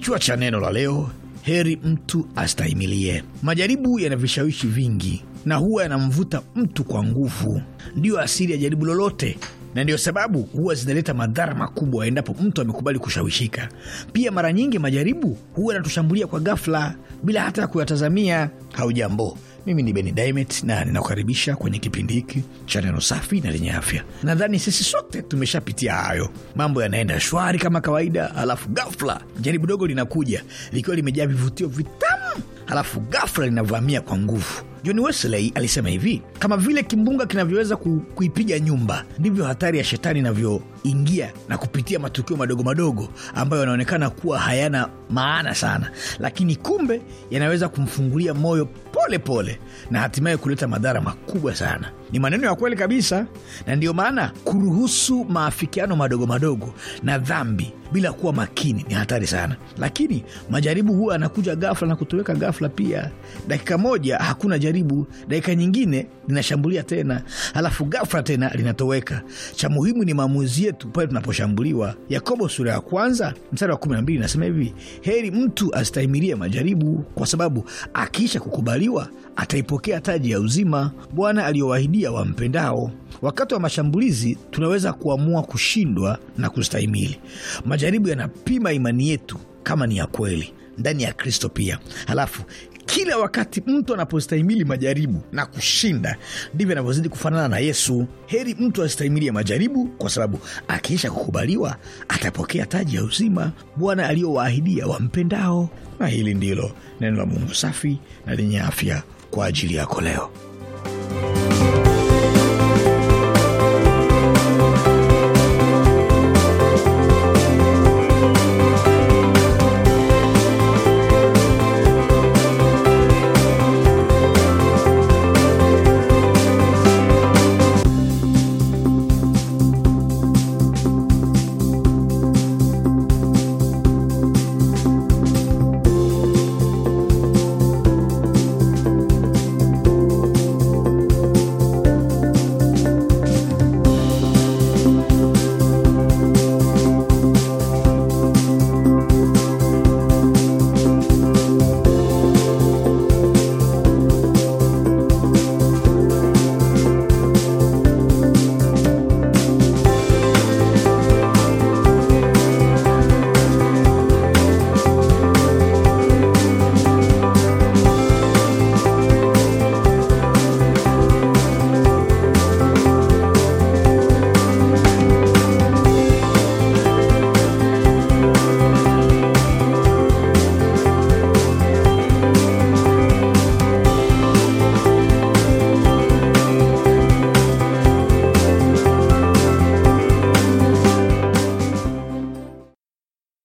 Kichwa cha neno la leo: heri mtu astahimilie. Majaribu yana vishawishi vingi na huwa yanamvuta mtu kwa nguvu. Ndiyo asili ya jaribu lolote, na ndio sababu huwa zinaleta madhara makubwa endapo mtu amekubali kushawishika. Pia mara nyingi majaribu huwa yanatushambulia kwa ghafla bila hata kuyatazamia. Haujambo, mimi ni Beni Dimet na ninakukaribisha kwenye kipindi hiki cha neno safi na lenye afya. Nadhani sisi sote tumeshapitia hayo. Mambo yanaenda shwari kama kawaida, alafu ghafla jaribu dogo linakuja likiwa limejaa vivutio vitamu, alafu ghafla linavamia kwa nguvu John Wesley alisema hivi, kama vile kimbunga kinavyoweza kuipiga nyumba ndivyo hatari ya shetani inavyo kuingia na kupitia matukio madogo madogo ambayo yanaonekana kuwa hayana maana sana, lakini kumbe yanaweza kumfungulia moyo pole pole na hatimaye kuleta madhara makubwa sana. Ni maneno ya kweli kabisa, na ndiyo maana kuruhusu maafikiano madogo madogo na dhambi bila kuwa makini ni hatari sana, lakini majaribu huwa yanakuja ghafla na kutoweka ghafla pia. Dakika moja hakuna jaribu, dakika nyingine linashambulia tena, halafu ghafla tena linatoweka. Cha muhimu ni maamuzi yetu pale tunaposhambuliwa. Yakobo sura ya kwanza mstari wa mbili inasema hivi, heri mtu astahimilie majaribu, kwa sababu akiisha kukubaliwa ataipokea taji ya uzima Bwana aliyowahidia wampendao. Wakati wa mashambulizi tunaweza kuamua kushindwa na kustahimili. Majaribu yanapima imani yetu kama ni ya kweli ndani ya kristo pia halafu kila wakati mtu anapostahimili majaribu na kushinda ndivyo anavyozidi kufanana na yesu heri mtu astahimilie majaribu kwa sababu akiisha kukubaliwa atapokea taji ya uzima bwana aliyowaahidia wampendao na hili ndilo neno la mungu safi na lenye afya kwa ajili yako leo